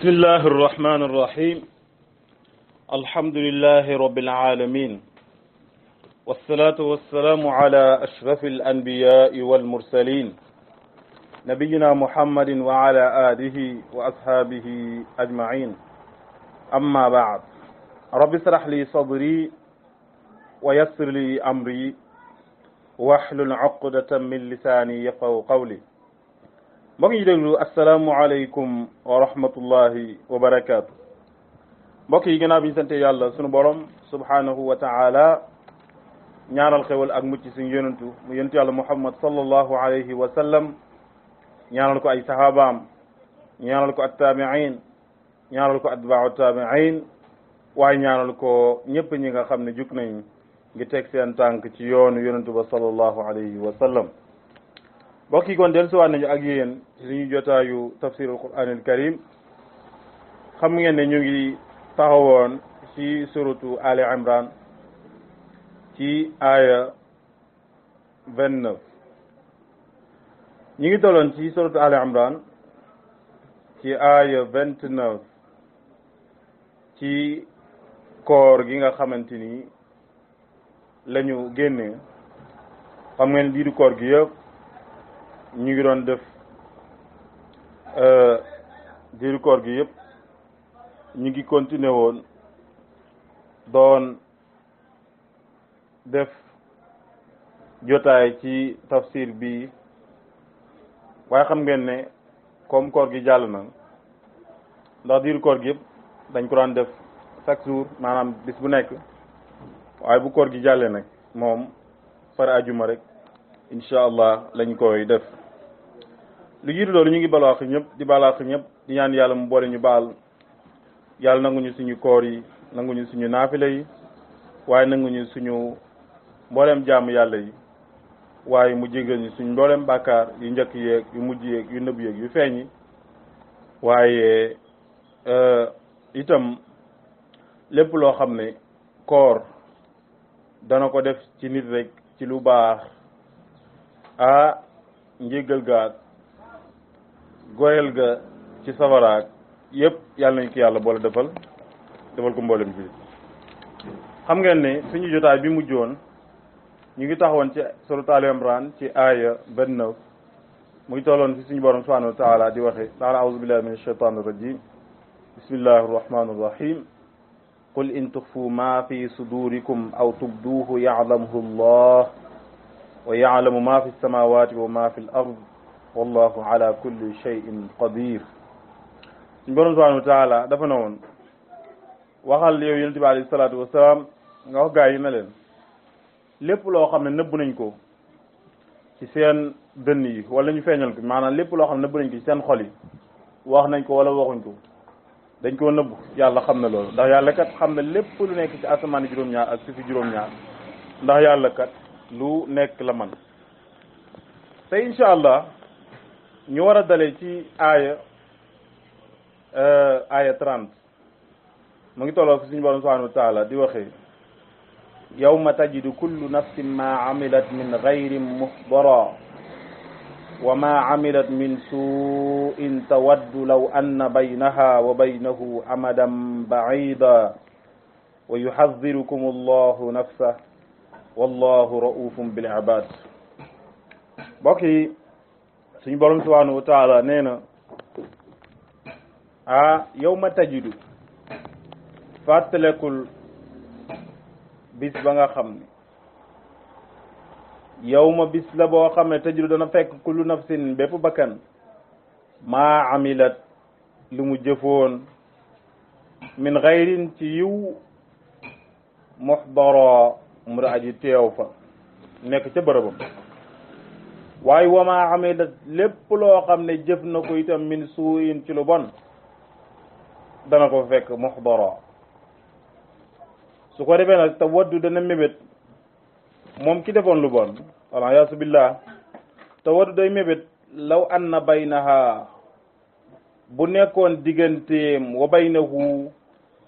بسم الله الرحمن الرحيم الحمد لله رب العالمين والصلاة والسلام على أشرف الأنبياء والمرسلين نبينا محمد وعلى آله وأصحابه أجمعين أما بعد رب اشرح لي صدري ويسر لي أمري واحلل عقدة من لساني يفقهوا قولي mbokk yi déglu asalaamualeykum wa rahmatullahi wa barakaatu mbokk yi gannaaw bi ñu sante yàlla sunu borom subhanahu wa taala ñaanal xewal ak mucc suñu yonentu mu yonentu yàlla muhammad sallallahu alayhi wa sallam ñaanal ko ay sahabaam ñaanal ko attabiin ñaanal ko atbaau tabiin waaye ñaanal ko ñëpp ñi nga xam ne jug nañ ngi teg seen tànk ci yoonu yonentu ba sallallahu alayhi wa sallam mbokk yi kon dellusiwaat nañu ak yéen suñu jotaayu tafsirul quranil karim xam ngeen ne ñu ngi taxawoon ci suratu ali imran ci aaya vingt ñu ngi tolloon ci suratu ali imran ci aaya vingt ci koor gi nga xamante ni la ñu génne xam ngeen biiru koor gi yëpp ñu ngi doon def euh, diiru koor gi yëpp ñu ngi continuer woon doon def jotaay ci tafsir bi waaye xam ngeen ne comme koor gi jàll na ndax diiru koor gi yëpp dañ ko daan def chaque jour maanaam bis bu nekk waaye bu koor gi jàllee nag moom fara ajuma rek incha allah lañ koy def lu jiitu loolu ñu ngi balaax ñëpp di balaax ñëpp di ñaan yàlla mu boole ñu baal yàlla nanguñu suñu koor yi nanguñu suñu naafila yi waaye nanguñu suñu mboolem jàmm yàlla yi waaye mu jégal ñu suñu mbooleem bàkkaar yu njëkk yeeg yu mujj yeeg yu nëbb yëg yu feeñ yi waaye e, itam lépp loo xam ne koor dana ko def ci nit rek ci lu baax ah njéggal gaag goyal ga ci safaraag yëpp yàlla nañ ko yàlla boole defal defal ko mboolem bi xam ngeen ne suñu jotaay bi mujjoon ñu ngi taxawoon ci suratu Al Imran ci aaya vingt-neuf muy tolloon fi suñu borom subhanahu wa taala di waxe taala auzu billahi min ashaitan irrajim bismillahi arrahmani irrahim qul in tuxfu ma fi sudurikum aw tubduhu ya'lamuhu allah ويعلم ما في السماوات وما في الأرض والله على كل شيء قدير نقول سبحانه وتعالى دفنون وقال لي ينتبه عليه الصلاة والسلام نقول قاعي ملين لب لو خم نب نينكو كسيان دني ولا نفعل معنا لب لو خم نب نينكو كسيان خالي واخ نينكو ولا واخ نينكو دنج كو نب يا الله خم نلول ده يا الله كات خم لب لو نينكو أسمان جروم يا أسفي جروم يا ده يا الله كات lu nekk la man te incha allah ñu war a dalee ci aaya aaya trente mu ngi tolloo fi suñu borom subhanahu wa taala di waxee yawma tajidu kullu nafsin ma amilat min gayrin muhbara وما عملت من سوء suin tawaddu law anna baynaha wa baynahu amadan baida wa yuxadirukum wallahu raufum bil ibad mbokk yi suñu borom subhanahu wa taala nee na ah yow ma tajidu fàttalekul bis ba nga xam yow ma bis la boo xam ne tajidu dana fekk kullu nafsin bépp bakkan maa amilat lu mu jëfoon min xayrin ci yiw muxdara mu da aji teew fa nekk ca bërëbam waaye wamaa amilat lépp loo xam ne jëf na ko itam min suuyin ci lu bon dana ko fekk muxdara su ko defee nag te dana mébét moom ki defoon lu bon wala yaasu billah te waddu day mébét law anna baynaha bu nekkoon digganteem wa baynahu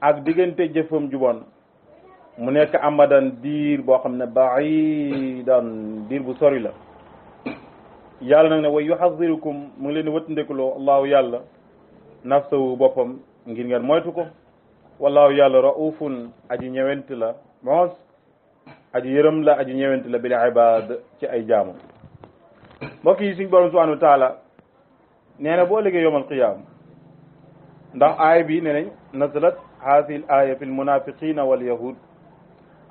ak diggante jëfam ju bon mu nekk amadan diir boo xam ne baidan diir bu sori la yàlla nag ne way yuhadirukum mu ngi leen di wëttandekuloo allahu yàlla nafsawu boppam ngir ngeen moytu ko wallahu yàlla raufun aji ñëwent la moos aji yërëm la aji ñëwent la bil ci ay jaamam mbokk yi suñ borom subhanahu wa taala nee na boo liggéey yowmal bi ne nañ nazalat haadihi fi lmunafiqina walyahud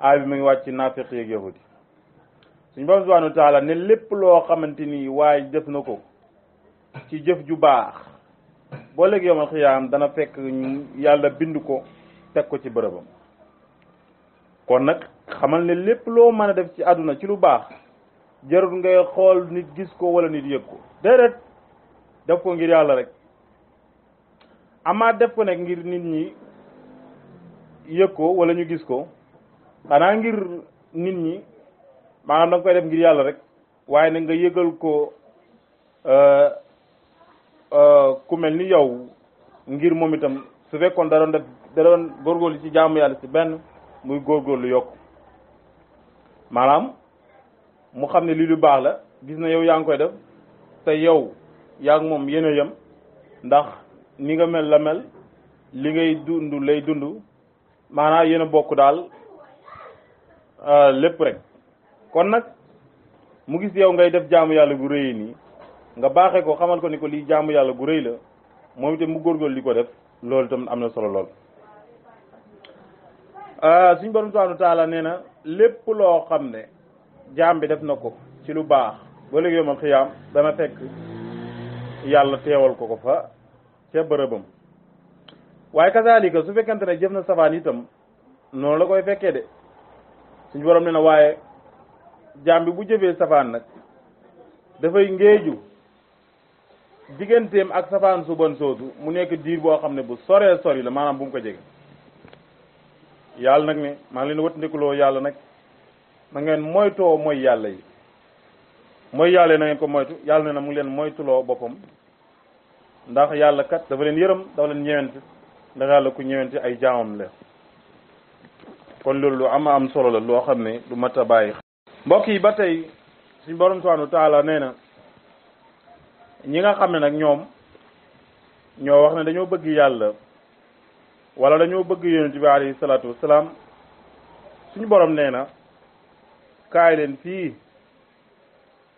aay bi mu ngi wàcc ci naafiq yeeg yahudi suñ borom subhanahu wa ne lépp loo xamante ni waaye def na ko ci jëf ju baax boo léegi yomal xiyaam dana fekk yàlla bind ko teg ko ci bërëbam kon nag xamal ne lépp loo mën a def ci àdduna ci lu baax jarul ngay xool nit gis ko wala nit yëg ko déedéet def ko ngir yàlla rek amaat def ko nekk ngir nit ñi yëg ko wala ñu gis ko xanaa ngir nit ñi maanaam da nga koy def ngir yàlla rek waaye na nga yëgal ko euh, euh, ku mel ni yow ngir moom itam su fekkoon da doon def da ci jàmm yàlla ci benn muy góorgóorlu yokk maanaam mu xam ne lii lu baax la gis na yow yaa ngi koy def te yow yaa ngi moom yéen a yem ndax ni nga mel la mel li ngay dund lay dund maanaam yéen a bokk daal Euh, lépp rek kon nag mu gis yow ngay def jaamu yàlla gu rëy nii nga baaxee ko xamal ko ni ko lii jaamu yàlla gu rëy la moom itam mu góorgóorlu li ko def loolu tam am na solo lool. Euh, suñ borom subhanahu taala nee na lépp loo xam ne jaam bi def na ko ci lu baax ba léegi yomal xiyaam dana fekk yàlla teewal ko ko fa ca bërëbam waaye kasaalika su fekkante ne jëf na safaan itam noonu la koy fekkee de. suñu borom ne na waaye jaam bi bu jëfee safaan nag dafay ngéeju digganteem ak safaan su bon soosu mu nekk diir boo xam ne bu soree yi la maanaam bu mu ko jege yàlla nag ne maa ngi leen wattandikuloo yàlla nag na ngeen moytoo mooy yàlla mooy yàlla na ko moytu yàlla ne na mu ngi leen moytuloo boppam ndax yàlla kat dafa leen yërëm dafa leen ñëwante ndax yàlla ku ñëwante ay jaamam la kon loolu lu ama am solo la loo xam ne lu mat a bàyyi mbokk yi ba tey suñ borom subhanahu taala nee na ñi nga xam ne nag ñoom ñoo wax ne dañoo bëgg yàlla wala dañoo bëgg yonent bi alayhi salaatu wasalaam suñu boroom nee na kaay leen fii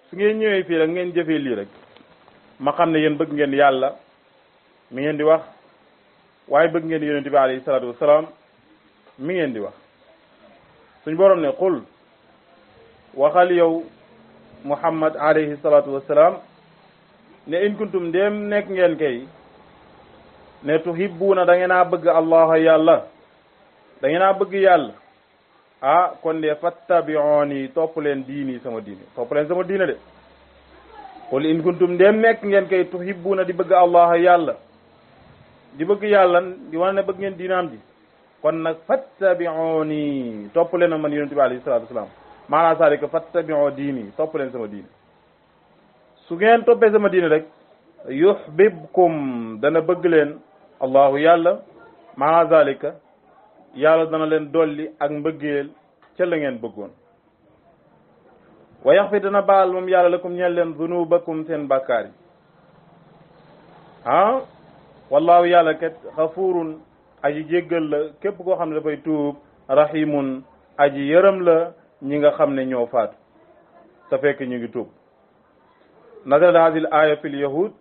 su ngeen ñëwee fii rek ngeen jëfe lii rek ma xam ne yéen bëgg ngeen yàlla mu ngeen di wax waaye bëgg ngeen yonent bi alayhi salaatu wasalaam mi ngeen di wax suñ borom ne qul waxal yow muhammad alayhi salaatu wassalaam ne in kuntum ndéem nekk ngeen kay ne tuhibbuuna da ngeen a bëgg allah yàlla da ngeen bëgg yàlla ah kon de fattabi'uni topp leen diini sama diine topp leen sama diine de qul in kuntum ndéem nekk ngeen kay tuhibbuuna di bëgg allah yàlla di bëgg yàlla di wane ne bëgg ngeen diinaam bi kon nag fattabiuni topp leen man yonent bi alayhi salaatu wasalaam maanaa saalika fattabiu diini topp leen sama diini su ngeen toppee sama diini rek yuhbibkum dana bëgg leen allahu yàlla maanaa zalika yàlla dana leen dolli ak mbëggeel ca ngeen bëggoon wa yaxfir dana baal moom yàlla lakum ñeel leen dunubakum seen bàkkaar yi ah wallahu yàlla aji jéggal la képp koo xam ne dafay tuub rahimun aji yërëm la ñi nga xam ne ñoo faatu te fekk ñu ngi tuub nazalat hadil aya fi lyahud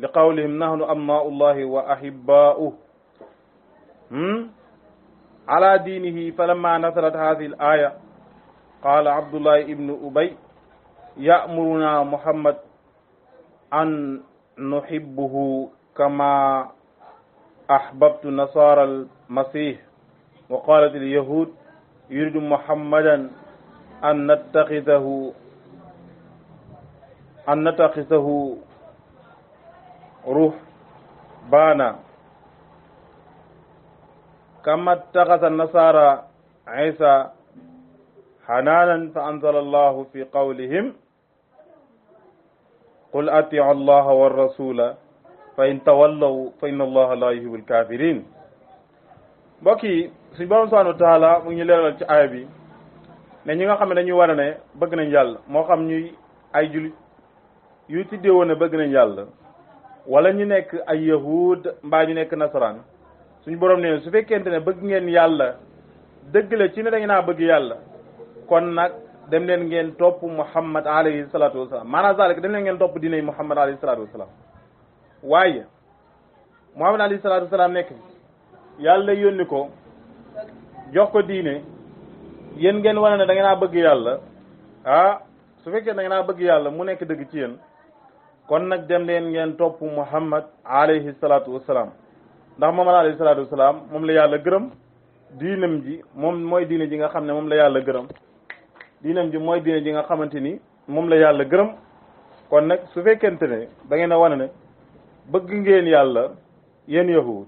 li qawlihim nahnu abnaau llahi wa ahibaa'uh ala dinihi falamma nazalat hadil l aya qala abdullahi ibnu ubay ya'muruna muhammad an nuhibbuhu kama أحببت نصارى المسيح وقالت اليهود يريد محمدا أن نتخذه أن نتخذه روح بانا كما اتخذ النصارى عيسى حنانا فأنزل الله في قولهم قل أطيعوا الله والرسول fa in tawallaw fa inna allaha la yuhibbul bi mbokk yi suñ borom subhanahu wa mu ngi ñu leeral ci aaya bi ne ñi nga xam ne dañuy war ne bëgg nañ yàlla moo xam ñuy ay jul yu tiddee woon ne bëgg nañ yàlla wala ñu nekk ay yahud mbaa ñu nekk nasaraan suñu borom ne su fekkente ne bëgg ngeen yàlla dëgg la ci ne da ngeen bëgg yàlla kon nag dem leen ngeen topp muhammad alayhi salatu wasalaam maanaam zalik dem leen ngeen topp diinay muhammad alayhi salatu wasalaam waaye Muhammad alayhi salaatu wasalaam nekk fi yàlla yónni ko jox ko diine yéen ngeen wane ne da naa bëgg yàlla ah su fekkee da ngeen a bëgg yàlla mu nekk dëgg ci yéen kon nag dem leen ngeen topp mu Muhammad alayhi salaatu wasalaam ndax Muhammad alayhi salaatu wasalaam moom la yàlla gërëm diinam ji moom mooy diine ji nga xam ne moom la yàlla gërëm diinam ji mooy diine ji nga xamante ni moom la yàlla gërëm kon nag su fekkent ne da ngeen a wane bëgg ngeen yàlla yéen yahud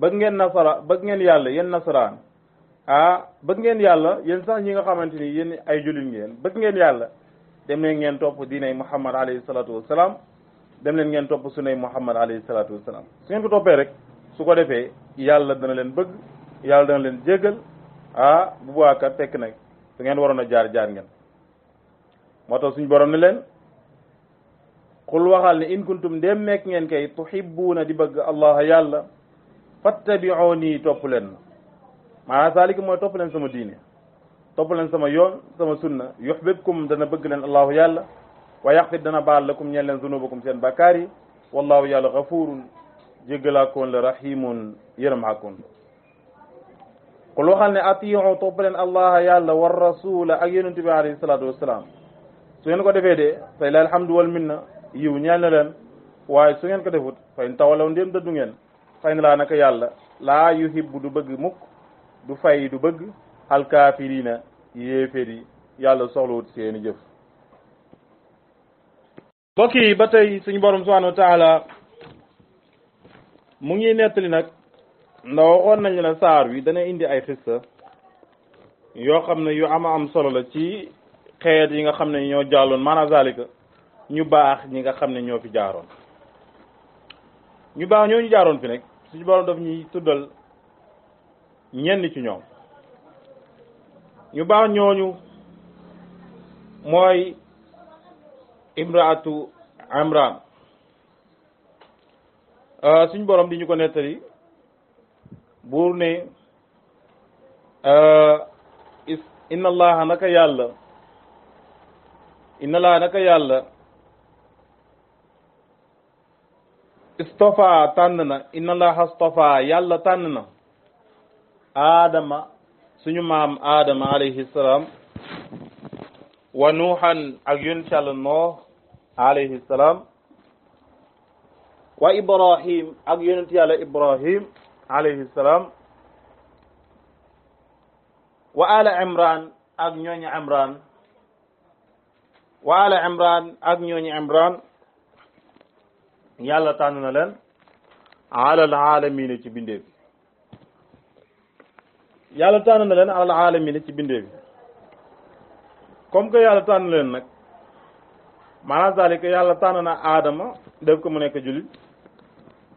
bëgg ngeen nasara bëgg ngeen yàlla yenn nasaraan ah bëgg ngeen yàlla yéen sax ñi nga xamante ni yéen ay jullit ngeen bëgg ngeen yàlla dem leen ngeen topp diinay muhammad alayhi salaatu wasalaam dem leen ngeen topp sunnay muhammad alayhi salaatu wasalaam su ngeen ko toppee rek su ko defee yàlla dana leen bëgg yàlla dana leen jéggal ah bu baax kat fekk nag su ngeen waroon a jaar jaar ngeen moo tax suñu borom leen qul waxal ne in kuntum ndem nekk ngeen kay tuhibbuuna di bëgg allah yàlla fattabi'uni topp leen ma maanaam saalika mooy topp leen sama diine topp leen sama yoon sama sunna yuhbibkum dana bëgg leen allahu yàlla wa yaxfir dana baal lakum ñeen leen zunubakum seen bakkaar yi wallahu yàlla gafurun jéggalaakoon la rahimun yërëmaakoon qul waxal ne atiiu topp leen allah yàlla war rasula ak yonente bi alayhi salaatu wasalaam su ngeen ko defee de fa lillahi alhamdu wal minna yiw ñeel na leen waaye su ngeen ko defut fay n tawalaw ndéem dëddu ngeen fay na laa naka yàlla laa yuhibbu du bëgg mukk du fay du bëgg alkaafiriina yéeféri yàlla soxlawut seeni jëf mbokk ba tey suñu borom subhanahu wa mu ngi nettali nag ndax waxoon nañu ne saar wi dana indi ay xissa yoo xam ne yu ama am solo la ci xeet yi nga xam ne ñoo jàlloon maanaam ñu baax ñi nga xam ne ñoo fi jaaroon ñu baax ñoo ñu jaaroon fi nag suñu borom daf ñuy tuddal ñenn ci ñoom ñu baax ñooñu mooy imraatu amran euh, suñ borom di ñu ko nettali buur ne euh, inna allaha naka yàlla inna allaha naka yàlla istafa tànn na inna allaha astafa yàlla tànn na aadama suñu maam aadama alayhi salaam wa nuuxan ak yonent yàlla noox alayhi salaam wa ibrahim ak yonent yàlla ibrahim alayhi salaam wa ala imran ak ñooñu imran wa ala imran ak ñooñu imran yàlla tànn na leen alal aalamiina ci bindee bi yàlla tànn na leen alal aalamiina ci bindee bi comme que yàlla tànn leen nag maanaam zalika yàlla tànn na aadama def ko mu nekk jullit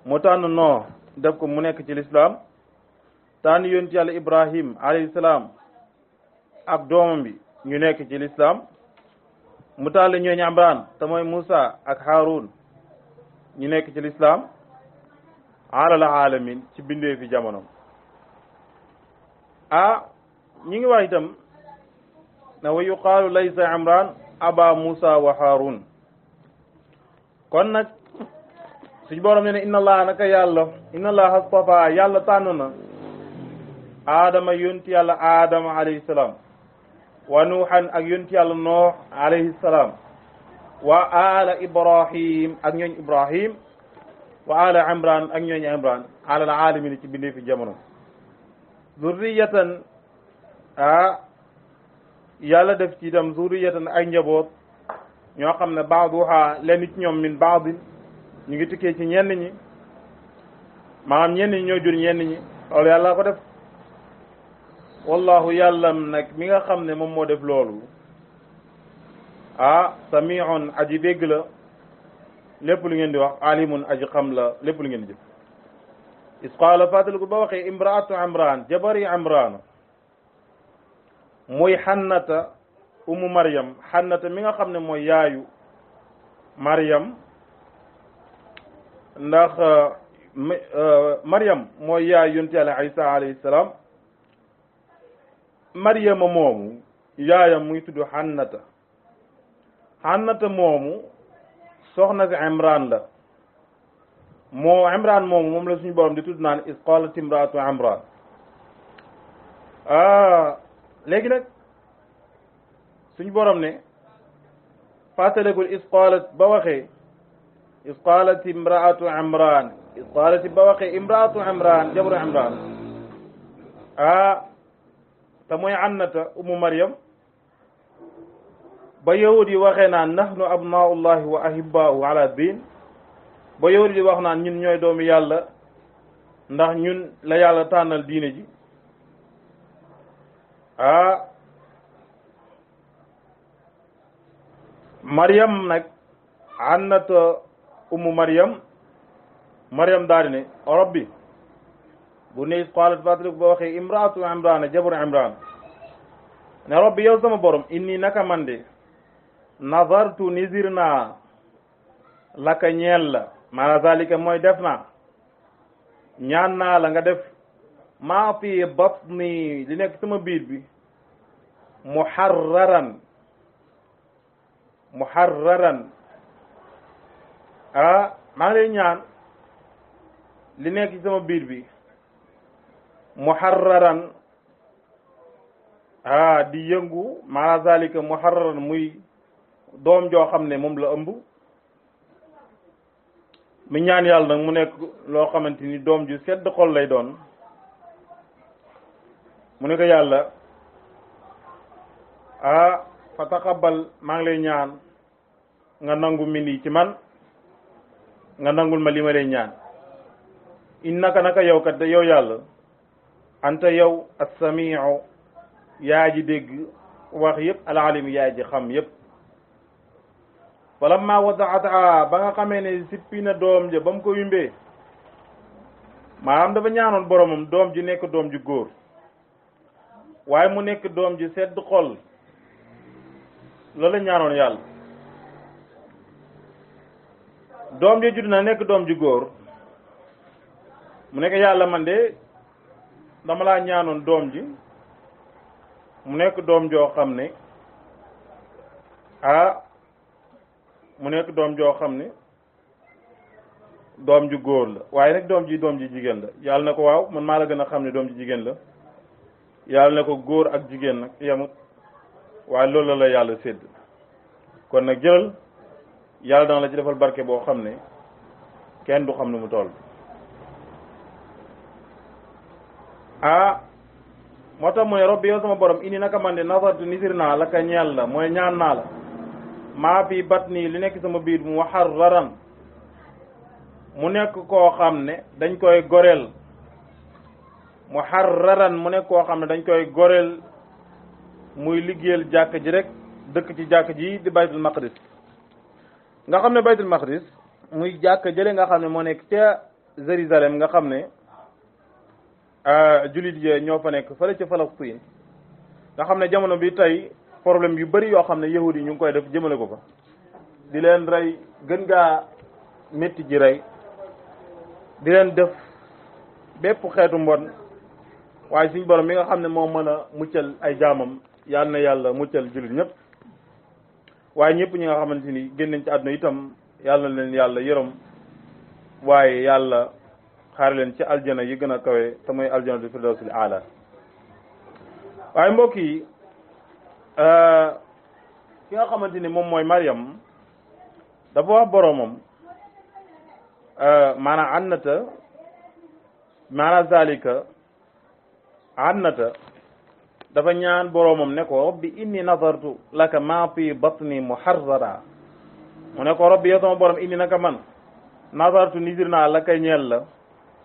mu tànn noo def ko mu nekk ci lislaam tànn yonent yàlla ibrahim alayhi salaam ak doomam bi ñu nekk ci lislaam mu tànn ñooñu Imraan te mooy ak Haroun ñi nekk ci lislaam alal alamin ci bindee fi jamono ah ñi ngi wax itam na wa yuqaalu laysa imran aba musa wa harun kon nag suñ borom ne ne inna allaha naka yàlla inna allaha astafa yàlla tànn na aadama yonti yàlla aadama alayhi salaam wa nuuhan ak yonti yàlla noox alayhi salaam wa ala ibrahim ak ñooñ ibrahim wa ala imran ak ñooñ imran alal alamina ci bindee fi jamono zurriyatan ah yàlla def ci itam zurriyatan ay njaboot ñoo xam ne baaduha lenn ci ñoom min baadin ñu ngi tukkee ci ñenn ñi maanaam ñenn ñi ñoo jur ñenn ñi loolu yàlla ko def wallahu yàllam nag mi nga xam ne moom moo def loolu ah samiun aji dégg lépp lu ngeen di wax alimun aji xam la lépp lu ngeen di jëf is qaala fàttaliku ba waxee imraatu imran jabari imrana muy xannata umu maryam xannata mi nga xam ne mooy yaayu maryam ndax euh, maryam mooy yaayu yonti yàlla isa alayhi salaam maryama moomu yaayam muy tudd xannata xànnata moomu soxna si imran la moo imran moomu moom la suñu borom di tudd naan is qalat imraatu imran ah, léegi nag suñu borom ne fàttalikul is qalat ba waxee is qalat imraatu imran is qalat ba waxee imraatu imran jabaru imran ah te mooy ànnata umu mariam ba yahud yi waxee naan nahnu abnaullahi wa ahibbaahu ala diin ba yahud wax naan ñun ñooy doomu yàlla ndax ñun la yàlla tànnal diine ji ah Maryam nag annata ummu Maryam Maryam daal ne rabbi bu ne qaalat fatalik ba waxee imraatu imrana jabaru imran ne rabbi yow sama borom inni naka man nazartu nisir naa laka ñeel la maana zalika mooy def na ñaan naa la nga def maa fi batni li nekk sama biir bi muharraran muharraran ah maa ngi ñaan li nekk ci sama biir bi muharraran ah di yëngu maana zalika muharraran muy doom joo xam ne moom la ëmb mu ñaan yàlla nag mu nekk loo xamante ni doom ju sedd xol lay doon mu ne yàlla ah fa taqabal maa ngi lay ñaan nga nangu mi lii ci man nga nangul ma li ma lay ñaan i naka yow kat yow yàlla anta yow a samiu yaa ji dégg wax yëpp al alim yaa ji xam yëpp falamma wadaata ba nga xamee ne sippi na doom ja ba mu ko yumbee maanaam dafa ñaanoon boromam doom ji nekk doom ji góor waaye mu nekk doom ji sedd xol loolu ñaanoon yàlla doom ji judd na nekk doom ji góor mu nekk yàlla man de dama laa ñaanoon doom ji mu nekk doom joo xam ne ah mu nekk doom joo xam ne doom ju góor la waaye nag doom ji doom ji jigéen la yàlla na ko waaw man maa la gën a xam ne doom ji jigéen la yàlla na ko góor ak jigéen nag yemut waaye loolu la la yàlla sédd kon nag jëlal yàlla dana la ci defal barke boo xam ne kenn du xam ne mu toll ah moo tax mu ne robbi yow sama borom indi naka man de nasartu nisir naa la ka ñeel la mooy ñaan naa la maa fi batni li nekk sama biir mu muharraran mu nekk koo xam ne dañ koy goreel muharraran mu nekk koo xam ne dañ koy goreel muy liggéeyal jàkk ji rek dëkk ci jàkk ji di baytul maqdis nga xam ne baytul maqdis muy jàkk jële nga xam ne moo nekk ca Jérusalem nga xam ne euh, jullit yi ñoo fa nekk fële ca Falastin nga xam ne jamono bi tey problème yu bari yoo xam ne yahud yi ñu ngi koy def jëmale ko fa di leen rey gën gaa metti ji rey di leen def bépp xeetu mbon waaye suñ borom mi nga xam ne moo mën a muccal ay jaamam yal na yàlla muccal jullit ñëpp waaye ñëpp ñi nga xamante ni génn nañ ci àdduna itam yàlla leen yàlla yërëm waaye yàlla xaar leen ci aljana yi gën a kawe te mooy aljana du firdawsil aala waaye mbokk yi Euh, ki nga xamante ni moom mooy Mariam dafa wax boromam euh, maanaam annata maanaam zalika annata dafa ñaan boromam ne ko rabbi inni nazartu laka ma fi batni muharrara mu ne ko rabbi yow sama borom inni naka man nazartu nisir naa la kay ñeel la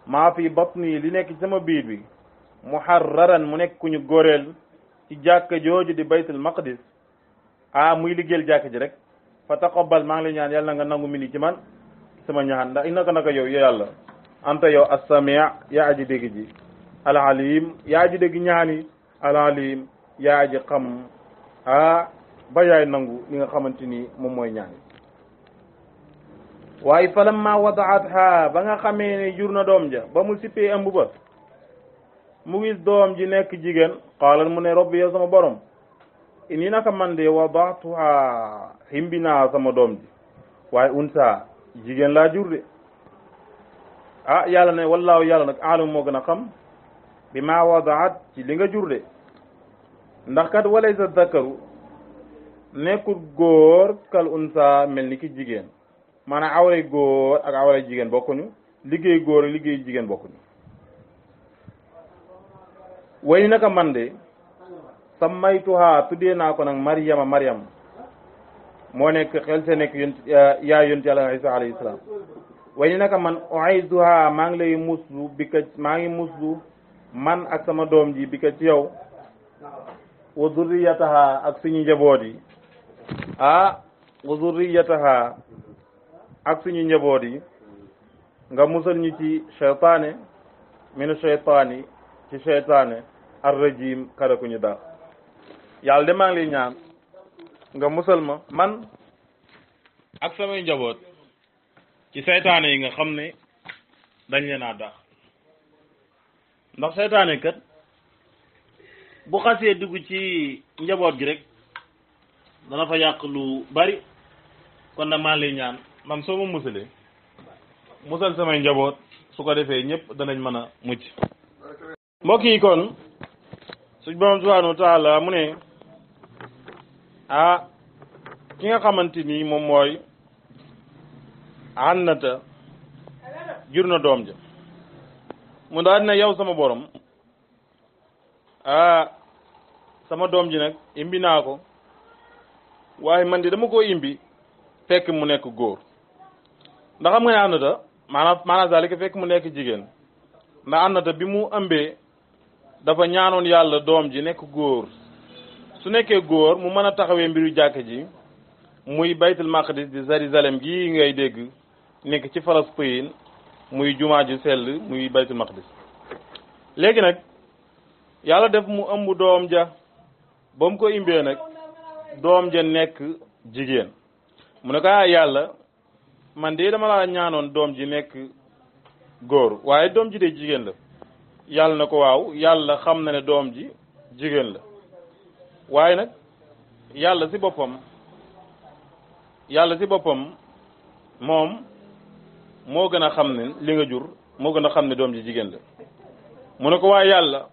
maa fi batni li nekk ci sama biir bi muharraran mu nekk ku ñu góoreel ci jàkka jooju di baytul maqdis ah muy liggéeyal jàkka ji rek fa taqabbal maa ngi lay ñaan yàlla na nga nangu mini ci man sama ñaan ndax naka naka yow yow yàlla anta yow as-sami' yaa aji dégg ji al-alim yaa aji dégg ñaan al-alim yaa aji xam ah ba yaay nangu li nga xamante ni moom mooy ñaan waaye falamma wadaatha ba nga xamee ne jur na doom ja ba mu sippee ëmb mu gis doom ji nekk jigéen qaalat mu ne rabbi yow sama borom ini naka man de wadaatuha himbi naa sama doom ji waaye unsa jigéen laa jur de ah yàlla ne wallaahu yàlla nag alam moo gën a xam bi ma wadaat ci li nga jur de ndax kat walaysa dakaru nekkul góor kal unsa mel ni ki jigéen maanaam awray góor ak awray jigéen bokkuñu liggéey góor liggéey jigéen bokkuñu way naka man de sammaytuhaa tuddee naa ko nag Maryama Maryam moo nekk xel see nekk yont eh, yaa yonti yàlla Isa alayhi salaam way naka man u'iizuhaa maa ngi lay muslu bi ka maa ngi muslu man ak sama doom ji bi ka ci yow wa zurriyataha ak suñu njaboot yi ah wa zurriyataha ak suñu njaboot yi nga musal ñu ci seytaane minu seytaani ci seytaane arrajim kada ku ñu daax yàlla de maa ngi ñaan nga musal ma man ak samay njaboot ci seytaane yi nga xam ne dañ leen a daax ndax seytaane kat bu xasee dugg ci njaboot gi rek dana fa yàq lu bari kon na maa ñaan man soo ma musalee musal samay njaboot su ko defee ñëpp danañ mën a mucc mbokk kon suñ borom subhanahu wa taala mu ne ah ki nga xamante ni moom mooy ànnata jur na doom ja mu daal dina yow sama borom ah sama doom ji nag imbi naa ko waaye man de dama ko imbi fekk mu nekk góor ndax xam nga ne ànnata maanaam maanaam zalika fekk mu nekk jigéen ndax ànnata bi mu ëmbee dafa ñaanoon yàlla doom ji nekk góor su nekkee góor mu mën a taxawee mbiru jàkk ji muy baytul maqdis di Jérusalem gi ngay dégg nekk ci Palestine muy jumaa ju sell muy baytul maqdis léegi nag yàlla def mu ëmb doom ja ba mu ko imbee nag doom ja nekk jigéen mu ne ko ah, yàlla man de dama laa ñaanoon doom ji nekk góor waaye doom ji de jigéen la yàlla na ko waaw yàlla xam na ne doom ji jigéen la waaye nag yàlla ci boppam yàlla ci boppam moom moo gën a xam ne li nga jur moo gën a xam ne doom ji jigéen la mu ne ko waaye yàlla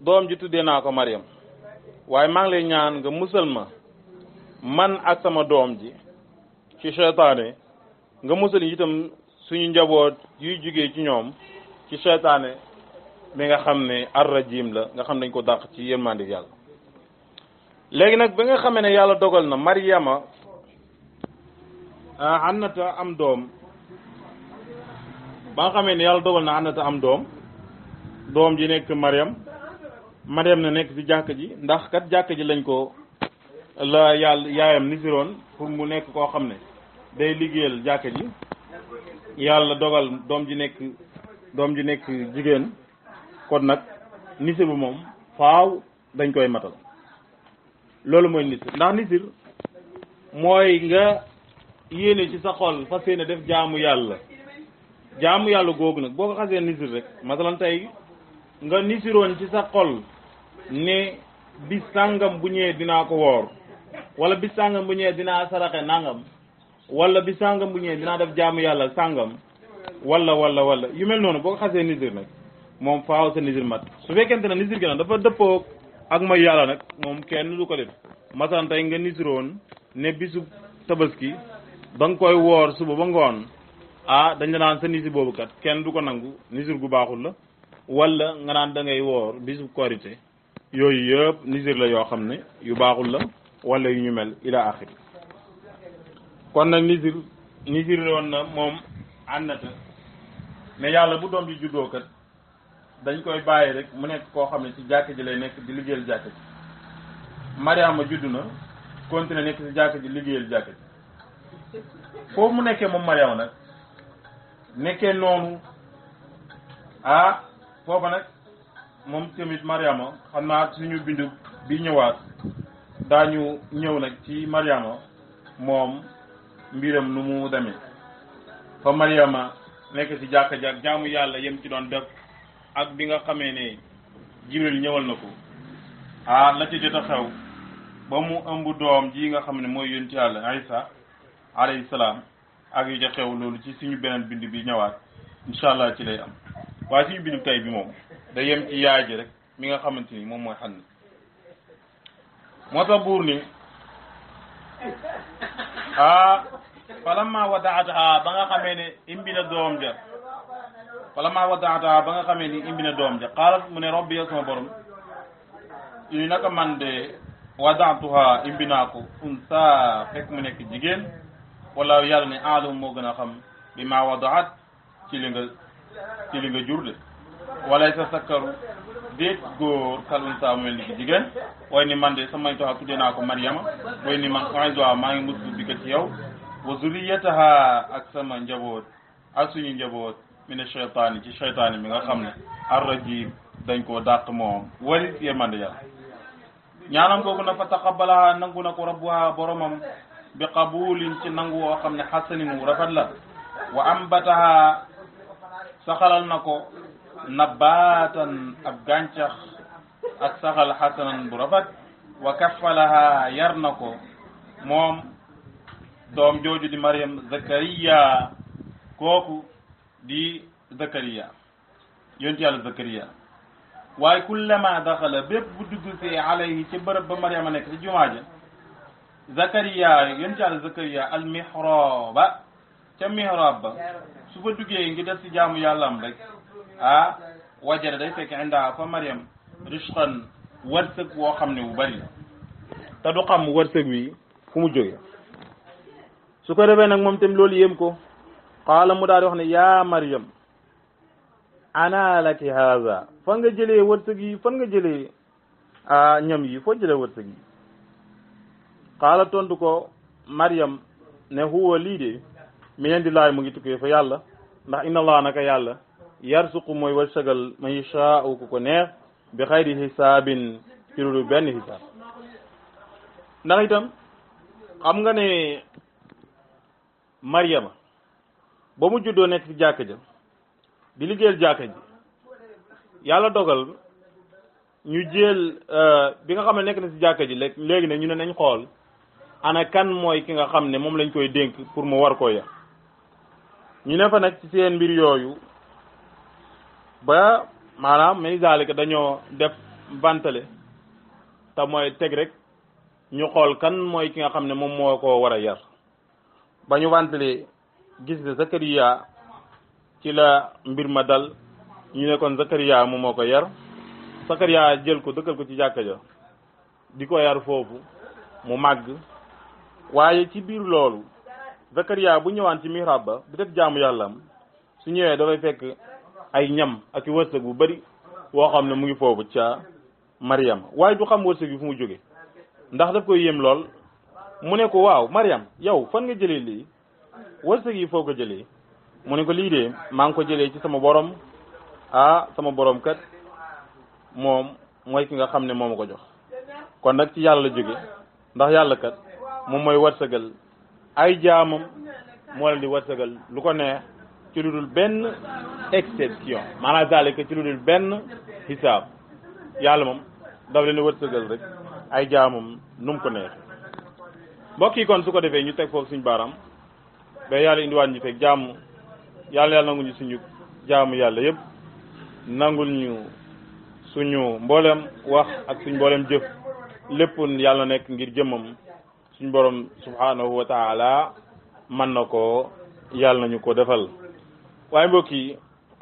doom ji tuddee naa ko Mariam waaye maa ngi lay ñaan nga musal ma man ak sama doom ji ci seytaane nga musal itam suñu njaboot yuy jugee ci ñoom ci seytaane mi nga xam ne arrajim la nga xam dañ ko dàq ci yërmande yàlla léegi nag bi nga xamee ne yàlla dogal na Maryama ah, Annata am doom ba nga xamee ne yàlla dogal na Annata am doom doom ji nekk mariyam Maryam na nekk ci jàkk ji ndax kat jàkk ji lañ ko la yàlla yaayam nisiroon pour mu nekk koo xam ne day liggéeyal jàkk ji yàlla dogal doom ji nekk doom ji nekk jigéen kon nag nisir bu moom faaw dañ koy matal loolu mooy nisir ndax nisir mooy nga yéene ci sa xol fas yéene def jaamu yàlla jaamu yàlla googu nag boo ko xasee nisir rek masalan tey nga nisiroon ci sa xol ne bi sàngam bu ñëwee dinaa ko woor wala bi sàngam bu ñëwee dinaa saraxe nàngam wala bi sàngam bu ñëwee dinaa def jaamu yàlla sàngam wala wala wala yu mel noonu boo ko xasee nisir nag moom faaw sa nisir mat su fekkente ne nisir gi dafa dëppoo ak mooy yàlla nag moom kenn du ko def masan tey nga nisiroon ne bisu tabaski ba nga koy woor suba ba ngoon ah dañ la naan sa nisir boobu kat kenn du ko nangu nisir gu baaxul la wala nga naan da ngay woor bisu korité yooyu yëpp nisir la yoo xam ne yu baaxul la walla yu ñu mel ila axiri kon nag nisir nisir na moom ànnata mais yàlla bu doom bi juddoo kat dañ koy bàyyi rek mu nekk koo xam ne ci jàkk ji lay nekk di liggéeyal jàkk ji mariama juddu na continuer nekk ci jàkk ji liggéeyal jàkk foofu mu nekkee moom mariama nag nekkee noonu ah foofa nag moom tamit mariama xam naa suñu bindu bi ñëwaat daañu ñëw nag ci mariama moom mbiram nu mu demee fa mariama nekk si jàkka jàkk jàmm yàlla yem ci doon def ak bi nga xamee ni jibril ñëwal na ko ah la ci jot a xew ba mu ëmb doom ji nga xam ne mooy ci yàlla isa alayhi salaam ak yu ca xew loolu ci suñu beneen bind bi ñëwaat incha allah ci lay am waaye suñu bindu tay bi moom da yem ci yaay ji rek mi nga xamante ni moom mooy xam ni moo tax buur ni ah falamma wadaataha ba nga xamee ne imbi na doom ja falamma wadaataha ba nga xamee ni imbi na doom ja qaalat mu ne rabbi yow sama borom li naka man de wadaatuha imbi naa ko unsa fekk mu nekk jigéen wala yàlla ne aalam moo gën a xam bi ma wadaat ci li nga ci li nga jur de walay sa sakkaru déet góor kal unsa mu mel ni jigéen way ni man de sama toxa tuddee naa ko Mariama way ni man oiseau maa ngi musul bi ci yow wa zuriyataha ak sama njaboot ak suñu njaboot min cheytaani ci cheytaani mi nga xam ne arrajim dañ koo dàq moom walit yemande yàlla ñaanam googu na fa taqabalaha nangu na ko rabbuha boromam bi qabulin ci nangu woo xam ne xasanin wu rafet la wa ambataha saxalal na ko nabaatan ab gàncax ak saxal xasanan bu rafet wa kaffalaha yar na ko moom doom jooju di Mariam Zakariya kooku di Zakariya yonti yàlla Zakariya waaye kullama daxala bépp bu dugg see alayhi ci bërëb ba Mariama nekk ci jumaa Zakariya yonti yàlla Zakariya al mihraba ca mihrab ba duggee ngi def ci jaamu yàlla am rek ah wajara day fekk indaa fa rishqan wërsëg woo xam ne wu bari te du xam wërsëg wi fu mu su ko nag moom tam loolu yéem ko qaala mu daal di wax ne yaa Maryam ana laki haza fan nga jëlee wërsëg yi fan nga jëlee ñam yi foo jëlee wërsëg yi qaala tontu ko mariam ne huwa lii de minendillaay mu ngi tukkee fa yàlla ndax inna allah naka yàlla yarsuqu mooy wërsëgal man yashaa'u ku ko neex bi xayri xisaabin ci lu benn xisaab ndax itam xam nga ne Maryama ba mu juddoo nekk ci jàkka ja di liggéey jàkka ji yàlla dogal ñu jël euh, bi nga xam ne nekk na ci jàkka ji léegi ne ñu ne nañ xool ana kan mooy ki nga xam ne moom lañ koy dénk pour mu war koo yar ñu ne fa nag ci seen mbir yooyu ba maanaam may zaalika dañoo def bantale te mooy teg rek ñu xool kan mooy ki nga xam ne moom moo ko war a yar ba ñu wantale gis ne Zakariya ci la mbir ma dal ñu ne kon Zakariya mu moo ko yar Zakariya jël ko dëkkal ko ci jàkka ja di ko yar foofu mu màgg waaye ci biir loolu Zakariya bu ñëwaan ci mihrab ba di def jaamu yàllam su ñëwee dafay fekk ay ñam ak i wërsëg bu bari woo xam ne mu ngi foofu ca mariyam waaye du xam wërsëg fu mu jóge ndax daf koy yéem lool mu ne ko waaw Mariam yow fan nga jëlee lii wërsëg yi foo ko jëlee mu ne ko lii de maa ngi ko jëlee ci sama borom ah sama borom kat moom mooy ki nga xam ne moom ma ko jox. kon nag ci yàlla la jóge ndax yàlla kat moom mooy wërsëgal ay jaamam moo leen di wërsëgal lu ko neex ci lu dul benn exception maanaam zalika ci lu dul benn xisaab yàlla moom daf leen di wërsëgal rek ay jaamam nu mu ko neex. mbokk yi kon su ko defee ñu teg foofu suñu baaraam ba yàlla indiwaat ñu teg jàmm yàlla yàlla nangul ñu suñu jaamu yàlla yëpp nangul ñu suñu mboolem wax ak suñu mboolem jëf lépp yàlla nekk ngir jëmmam suñu borom subhanahu wa taala man na ko na nañu ko defal waaye mbokk yi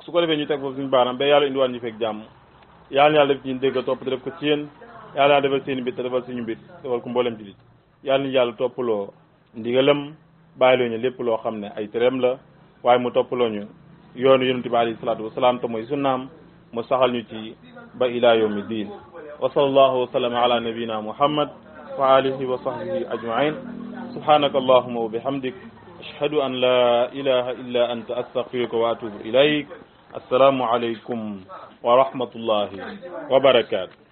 su ko defee ñu teg foofu suñu baaraam ba yàlla indiwaat ñu fekk jàmm yàlla na yàlla def ci ñu dégg topp te def ko ci yéen yàlla defal seen i mbir te defal suñu bit defal ko mboolem jullit yàlla ñu yàlla toppaloo ndigalam bàyyiloo ñu lépp loo xam ne ay tërëm la waaye mu toppaloo ñu yoonu yonente bi alayhi salaatu wasalaam te mooy sunnaam mu saxal ñu ci ba ila yawmi din wa sallallahu wa ala nabina muhammad wa alihi wa sahbihi ajmain subhanaka allahuma wa bihamdik ashhadu an la ilaha illa anta astaghfiruka wa atubu ilayk السلام عليكم ورحمة الله وبركاته